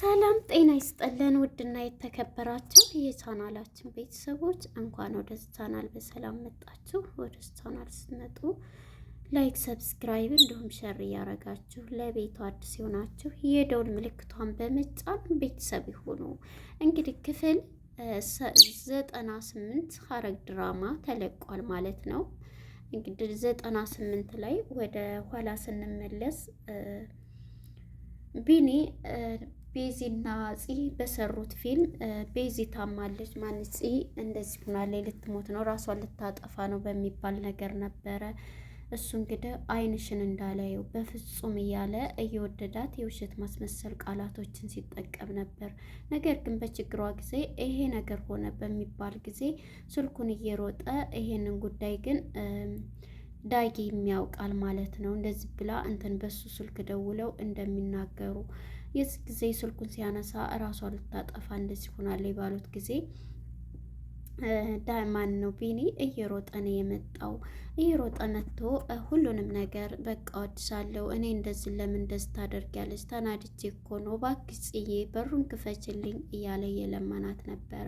ሰላም ጤና ይስጠለን። ውድና የተከበራችሁ የቻናላችን ቤተሰቦች እንኳን ወደ ቻናል በሰላም መጣችሁ። ወደ ቻናል ስትመጡ ላይክ፣ ሰብስክራይብ እንዲሁም ሸር እያረጋችሁ ለቤቱ አዲስ የሆናችሁ የደውል ምልክቷን በመጫን ቤተሰብ ይሁኑ። እንግዲህ ክፍል ዘጠና ስምንት ሐረግ ድራማ ተለቋል ማለት ነው። እንግዲህ ዘጠና ስምንት ላይ ወደ ኋላ ስንመለስ ቢኒ ቤዚና ፂ በሰሩት ፊልም ቤዚ ታማለች። ማንጽ እንደዚህ ሆናለች፣ ልትሞት ነው፣ ራሷን ልታጠፋ ነው በሚባል ነገር ነበረ። እሱ እንግዲህ አይንሽን እንዳላየው በፍጹም እያለ እየወደዳት የውሸት ማስመሰል ቃላቶችን ሲጠቀም ነበር። ነገር ግን በችግሯ ጊዜ ይሄ ነገር ሆነ በሚባል ጊዜ ስልኩን እየሮጠ ይሄንን ጉዳይ ግን ዳጊ የሚያውቃል ማለት ነው። እንደዚህ ብላ እንትን በሱ ስልክ ደውለው እንደሚናገሩ የዚህ ጊዜ ስልኩን ሲያነሳ እራሷ ልታጠፋ እንደዚህ ሆናለች ባሉት ጊዜ ዳማን ነው ቢኒ እየሮጠን የመጣው። እየሮጠ መጥቶ ሁሉንም ነገር በቃ ወድሻለሁ፣ እኔ እንደዚህ ለምን ደስ ታደርጊያለሽ? ተናድጄ እኮ ነው፣ እባክሽ ጽዬ በሩን ክፈችልኝ እያለ የለመናት ነበረ።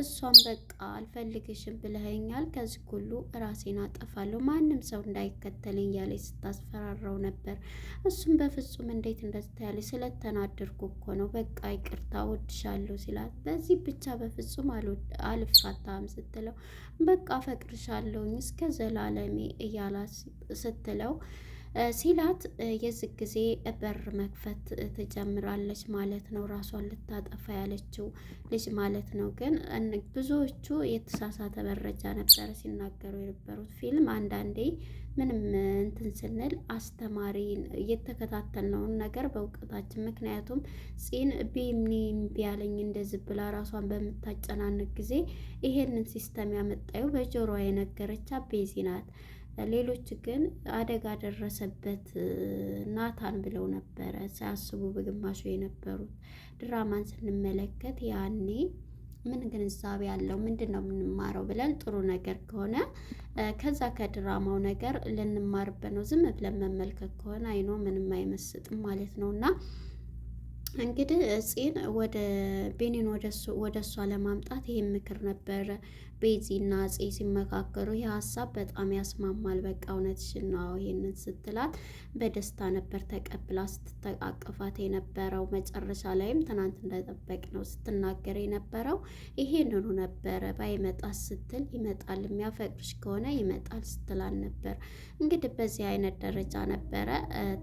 እሷም በቃ አልፈልግሽም ብለኸኛል፣ ከዚህ ሁሉ ራሴን አጠፋለሁ፣ ማንም ሰው እንዳይከተልኝ እያለች ስታስፈራራው ነበር። እሱም በፍጹም እንዴት እንደዚህ ታያለሽ? ስለተናደድኩ እኮ ነው፣ በቃ ይቅርታ፣ ወድሻለሁ ሲላት፣ በዚህ ብቻ በፍጹም አልፋታም ስትለው፣ በቃ ፈቅርሻለሁኝ እስከ ዘላለ ተሸለሚ እያላት ስትለው ሲላት የዚህ ጊዜ በር መክፈት ትጀምራለች ማለት ነው። ራሷን ልታጠፋ ያለችው ልጅ ማለት ነው። ግን ብዙዎቹ የተሳሳተ መረጃ ነበረ ሲናገሩ የነበሩት። ፊልም አንዳንዴ ምንም እንትን ስንል አስተማሪ የተከታተልነውን ነገር በእውቀታችን ምክንያቱም ጺን ቢኒ ቢያለኝ እንደዚህ ብላ ራሷን በምታጨናንቅ ጊዜ ይሄንን ሲስተም ያመጣዩ በጆሮዋ የነገረቻ ቤዚ ናት። ሌሎች ግን አደጋ ደረሰበት ናታን ብለው ነበረ ሳያስቡ በግማሹ የነበሩት። ድራማን ስንመለከት ያኔ ምን ግንዛቤ ያለው ምንድን ነው የምንማረው ብለን ጥሩ ነገር ከሆነ ከዛ ከድራማው ነገር ልንማርበት ነው። ዝም ብለን መመልከት ከሆነ አይኖ ምንም አይመስጥም ማለት ነው እና እንግዲህ ጺን ወደ ቤኒን ወደ እሷ ለማምጣት ይሄን ምክር ነበረ ቤዚና አፄ ሲመካከሩ ይህ ሀሳብ በጣም ያስማማል፣ በቃ እውነትሽን ነው ይህንን ስትላት በደስታ ነበር ተቀብላ ስትተቃቀፋት የነበረው። መጨረሻ ላይም ትናንት እንደጠበቅ ነው ስትናገር የነበረው ይሄንኑ ነበረ። ባይመጣ ስትል ይመጣል፣ የሚያፈቅርሽ ከሆነ ይመጣል ስትላል ነበር። እንግዲህ በዚህ አይነት ደረጃ ነበረ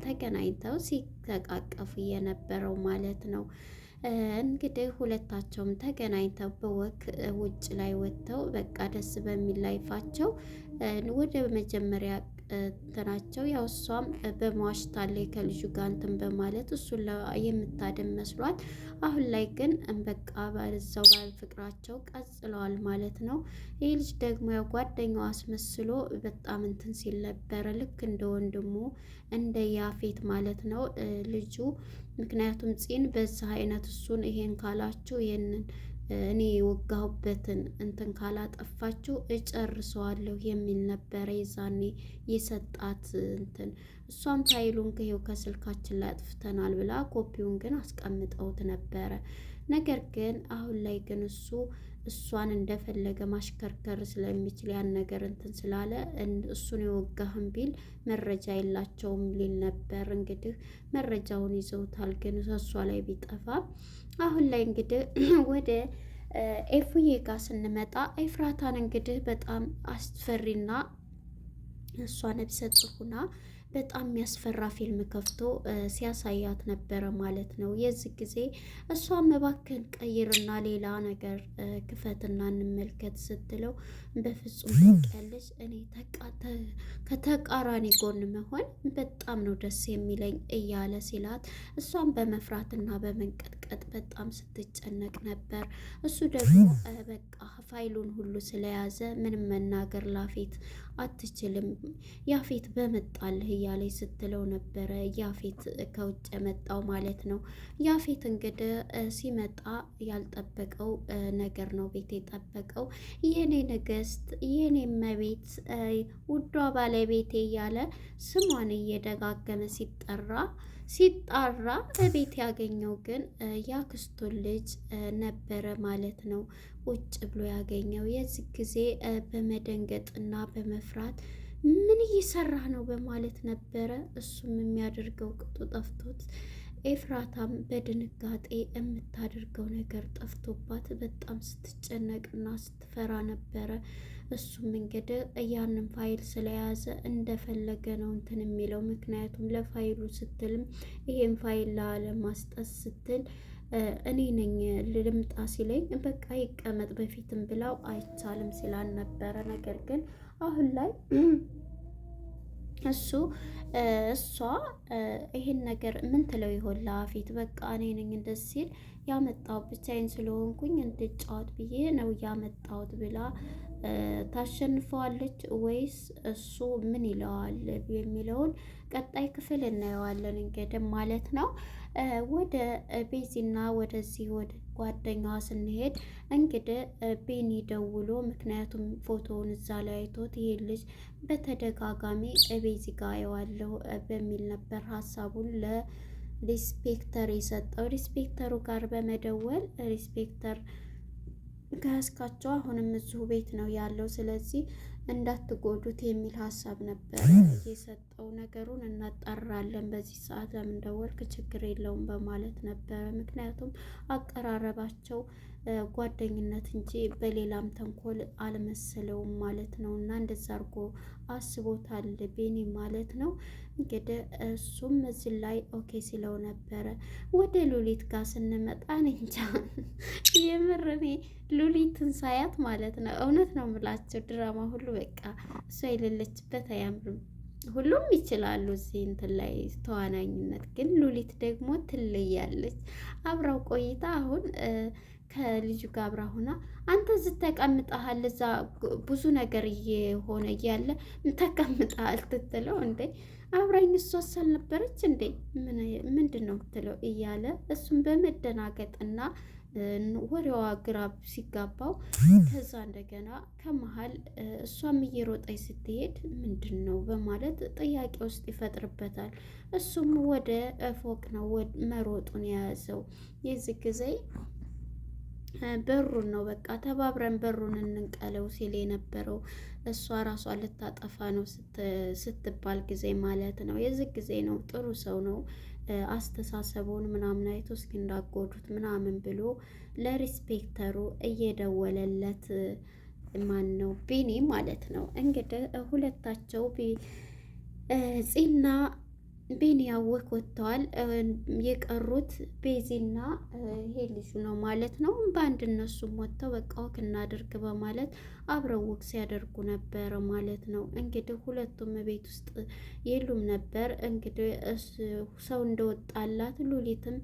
ተገናኝተው ሲተቃቀፉ የነበረው ማለት ነው። እንግዲህ ሁለታቸውም ተገናኝተው በወክ ውጭ ላይ ወጥተው በቃ ደስ በሚል ላይፋቸው ወደ መጀመሪያ እንትናቸው ያው እሷም በመዋሽታለ ከልጁ ጋር እንትን በማለት እሱን የምታደም መስሏል። አሁን ላይ ግን በቃ በዛው ባል ፍቅራቸው ቀጽለዋል ማለት ነው። ይህ ልጅ ደግሞ ያው ጓደኛው አስመስሎ በጣም እንትን ሲል ነበረ፣ ልክ እንደ ወንድሙ እንደ ያፌት ማለት ነው ልጁ ምክንያቱም ፂን በዛ አይነት እሱን ይሄን ካላችሁ ይሄንን እኔ የወጋሁበትን እንትን ካላጠፋችሁ እጨርሰዋለሁ የሚል ነበረ የዛኔ የሰጣት እንትን እሷም ፋይሉን ከሄው ከስልካችን ላይ አጥፍተናል ብላ ኮፒውን ግን አስቀምጠውት ነበረ። ነገር ግን አሁን ላይ ግን እሱ እሷን እንደፈለገ ማሽከርከር ስለሚችል ያን ነገር እንትን ስላለ እሱን የወጋህም ቢል መረጃ የላቸውም ሊል ነበር። እንግዲህ መረጃውን ይዘውታል። ግን እሷ ላይ ቢጠፋ አሁን ላይ እንግዲህ ወደ ኤፉዬ ጋር ስንመጣ ኤፍራታን እንግዲህ በጣም አስፈሪና እሷ ነብሰ ጽሁና በጣም የሚያስፈራ ፊልም ከፍቶ ሲያሳያት ነበረ ማለት ነው። የዚህ ጊዜ እሷም እባክህን ቀይርና ሌላ ነገር ክፈትና እንመልከት ስትለው በፍጹም ታውቂያለሽ፣ እኔ ከተቃራኒ ጎን መሆን በጣም ነው ደስ የሚለኝ እያለ ሲላት እሷም በመፍራትና በመንቀጥቀጥ በጣም ስትጨነቅ ነበር። እሱ ደግሞ በቃ ፋይሉን ሁሉ ስለያዘ ምንም መናገር ላፌት አትችልም ያፌት በመጣልህ እያለች ስትለው ነበረ። ያፌት ከውጭ የመጣው ማለት ነው። ያፌት እንግዲህ ሲመጣ ያልጠበቀው ነገር ነው ቤት የጠበቀው የኔ ንግስት፣ የኔ መቤት፣ ውዷ ባለቤቴ እያለ ስሟን እየደጋገመ ሲጠራ ሲጣራ እቤት ያገኘው ግን የአክስቱን ልጅ ነበረ ማለት ነው። ውጭ ብሎ ያገኘው የዚህ ጊዜ በመደንገጥና በመፍራት ምን እየሰራህ ነው በማለት ነበረ እሱም የሚያደርገው ቅጡ ጠፍቶት ኤፍራታም በድንጋጤ የምታደርገው ነገር ጠፍቶባት በጣም ስትጨነቅና ስትፈራ ነበረ። እሱም እንግዲህ ያንን ፋይል ስለያዘ እንደፈለገ ነው እንትን የሚለው ምክንያቱም ለፋይሉ ስትልም ይሄን ፋይል ላለማስጠት ስትል እኔ ነኝ ልምጣ ሲለኝ በቃ ይቀመጥ በፊትም ብላው አይቻልም ሲላን ነበረ። ነገር ግን አሁን ላይ እሱ እሷ ይሄን ነገር ምን ትለው ይሆን ለአፌት? በቃ እኔ ነኝ እንደዚህ ሲል ያመጣሁት ብቻዬን ስለሆንኩኝ እንድጫወት ብዬ ነው ያመጣሁት ብላ ታሸንፈዋለች ወይስ እሱ ምን ይለዋል የሚለውን ቀጣይ ክፍል እናየዋለን እንግዲህ ማለት ነው። ወደ ቤዚና ወደዚህ ወደ ጓደኛዋ ስንሄድ እንግዲህ ቤኒ ደውሎ ምክንያቱም ፎቶውን እዛ ላይ አይቶት ይሄ ልጅ በተደጋጋሚ ቤዚ ጋ የዋለው በሚል ነበር ሀሳቡን ለ ሪስፔክተር የሰጠው። ሪስፔክተሩ ጋር በመደወል ሪስፔክተር ከያስካቸው አሁንም እዚሁ ቤት ነው ያለው። ስለዚህ እንዳትጎዱት የሚል ሀሳብ ነበር የሰጠው። ነገሩን እናጣራለን፣ በዚህ ሰዓት ለምን ደወልክ? ችግር የለውም በማለት ነበረ። ምክንያቱም አቀራረባቸው ጓደኝነት እንጂ በሌላም ተንኮል አልመሰለውም ማለት ነው። እና እንደዛ አርጎ አስቦታል ቤኒ ማለት ነው። እንግዲህ እሱም እዚህ ላይ ኦኬ ሲለው ነበረ። ወደ ሉሊት ጋር ስንመጣ እንጃ የምር እኔ ሉሊትን ሳያት ማለት ነው እውነት ነው የምላቸው ድራማ ሁሉ በቃ እሷ የሌለችበት አያምርም። ሁሉም ይችላሉ እዚህ እንትን ላይ ተዋናኝነት። ግን ሉሊት ደግሞ ትለያለች። አብራው ቆይታ አሁን ከልጁ ጋር አብራ ሆና አንተ እዚህ ተቀምጠሃል፣ እዛ ብዙ ነገር እየሆነ እያለ ተቀምጠሃል ትትለው እንዴ አብራኝ እሷስ አልነበረች እንዴ ምንድን ነው ምትለው እያለ እሱም በመደናገጥና ወሬዋ ግራብ ሲጋባው ከዛ እንደገና ከመሀል እሷም እየሮጠች ስትሄድ ምንድን ነው በማለት ጥያቄ ውስጥ ይፈጥርበታል። እሱም ወደ ፎቅ ነው መሮጡን የያዘው። የዚህ ጊዜ በሩን ነው በቃ ተባብረን በሩን እንንቀለው ሲል የነበረው እሷ ራሷ ልታጠፋ ነው ስትባል ጊዜ ማለት ነው። የዚህ ጊዜ ነው ጥሩ ሰው ነው አስተሳሰቡን ምናምን አይቶ እስኪ እንዳጎዱት ምናምን ብሎ ለሪስፔክተሩ እየደወለለት ማን ነው ቢኒ ማለት ነው። እንግዲህ ሁለታቸው ፂና ቤን ያወክ ወጥተዋል። የቀሩት ቤዚና ይሄ ልጁ ነው ማለት ነው። በአንድ እነሱም ወጥተው በቃ ወክ እናደርግ በማለት አብረው ወክ ሲያደርጉ ነበር ማለት ነው። እንግዲህ ሁለቱም ቤት ውስጥ የሉም ነበር። እንግዲህ ሰው እንደወጣላት ሉሊትም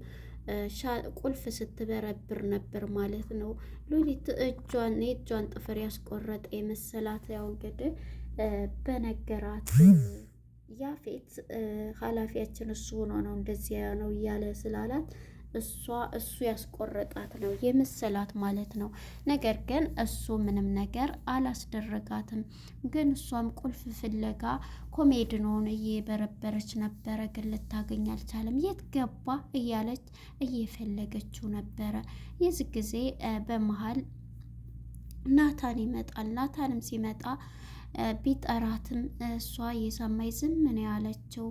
ቁልፍ ስትበረብር ነበር ማለት ነው። ሉሊት እጇን የእጇን ጥፍር ያስቆረጠ የመሰላት ያው እንግዲህ በነገራት ያፌት ኃላፊያችን እሱ ሆኖ ነው እንደዚያ ነው እያለ ስላላት እሷ እሱ ያስቆረጣት ነው የመሰላት ማለት ነው። ነገር ግን እሱ ምንም ነገር አላስደረጋትም። ግን እሷም ቁልፍ ፍለጋ ኮሜድኖን እየበረበረች ነበረ፣ ግን ልታገኝ አልቻለም። የት ገባ እያለች እየፈለገችው ነበረ። የዚህ ጊዜ በመሀል ናታን ይመጣል። ናታንም ሲመጣ ቢጠራትም እሷ የሰማይ ዝም ነው ያለችው።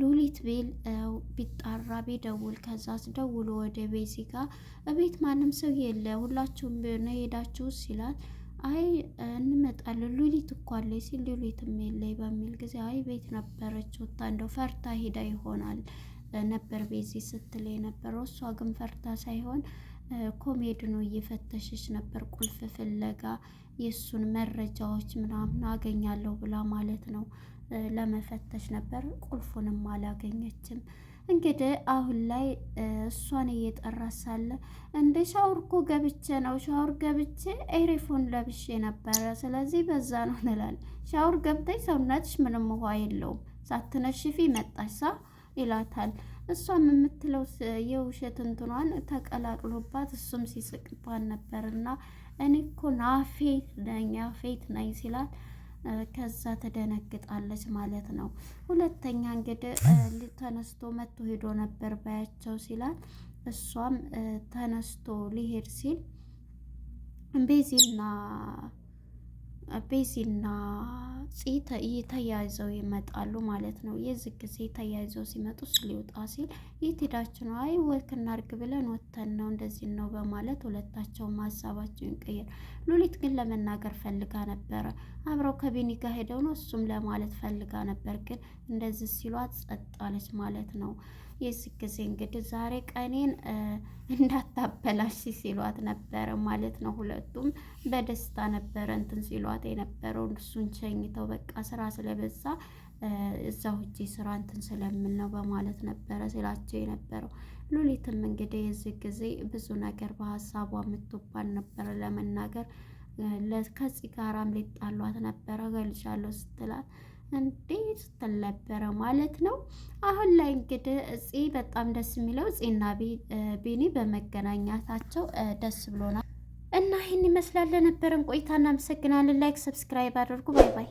ሉሊት ቤል ቢጣራ ቢደውል ከዛስ ደውሎ ወደ ቤዚ ጋር እቤት ማንም ሰው የለ ሁላችሁም ነው ሄዳችሁ ሲላት አይ እንመጣለን ሉሊት እኮ አለች ሲል ሉሊትም የለኝ በሚል ጊዜ አይ ቤት ነበረች ወታ እንደው ፈርታ ሄዳ ይሆናል ነበር ቤዚ ስትል የነበረው። እሷ ግን ፈርታ ሳይሆን ኮሜድ ነው እየፈተሸች ነበር ቁልፍ ፍለጋ የእሱን መረጃዎች ምናምን አገኛለሁ ብላ ማለት ነው ለመፈተሽ ነበር። ቁልፉንም አላገኘችም። እንግዲህ አሁን ላይ እሷን እየጠራ ሳለ እንደ ሻወር እኮ ገብቼ ነው ሻወር ገብቼ ኤሪፎን ለብሼ ነበረ፣ ስለዚህ በዛ ነው ንላል። ሻወር ገብተሽ ሰውነትሽ ምንም ውሃ የለውም ሳትነሽፊ መጣሽ ሳ ይላታል። እሷም የምትለው የውሸት እንትኗን ተቀላቅሎባት እሱም ሲስቅባን ነበርና እኔ እኮ ናፌት ነኝ ያፌት ነኝ ሲላት ከዛ ትደነግጣለች ማለት ነው። ሁለተኛ እንግዲህ ተነስቶ መጥቶ ሄዶ ነበር ባያቸው ሲላት እሷም ተነስቶ ሊሄድ ሲል ቤዚና ቤዚና ተያይዘው ይመጣሉ ማለት ነው። የዚህ ጊዜ ተያይዘው ሲመጡ ሊወጣ ሲል የት ሄዳችሁ ነው? አይ ወልክ እናርግ ብለን ወተን ነው እንደዚህ ነው በማለት ሁለታቸው ሀሳባቸውን ይቀየር። ሉሊት ግን ለመናገር ፈልጋ ነበረ። አብረው ከቤኒ ጋር ሄደው ነው እሱም ለማለት ፈልጋ ነበር። ግን እንደዚህ ሲሏት ጸጥ አለች ማለት ነው። የዚህ ጊዜ እንግዲህ ዛሬ ቀኔን እንዳታበላሽ ሲሏት ነበረ ማለት ነው። ሁለቱም በደስታ ነበረ እንትን ሲሏት የነበረው እሱን ቸኝተው በቃ ስራ ስለበዛ እዛ ውጪ ስራ እንትን ስለምን ነው በማለት ነበረ ሲላቸው የነበረው። ሉሊትም እንግዲህ የዚህ ጊዜ ብዙ ነገር በሀሳቧ የምትባል ነበረ ለመናገር ከዚህ ጋራም ሊጣሏት ነበረ ገልጫለሁ ስትላት እንዴት ስትል ነበረ ማለት ነው። አሁን ላይ እንግዲህ እፄ በጣም ደስ የሚለው እፄና ቤኒ በመገናኛታቸው ደስ ብሎናል እና ይህን ይመስላል። ነበረን ቆይታ እናመሰግናለን። ላይክ ሰብስክራይብ አድርጉ። ባይ ባይ።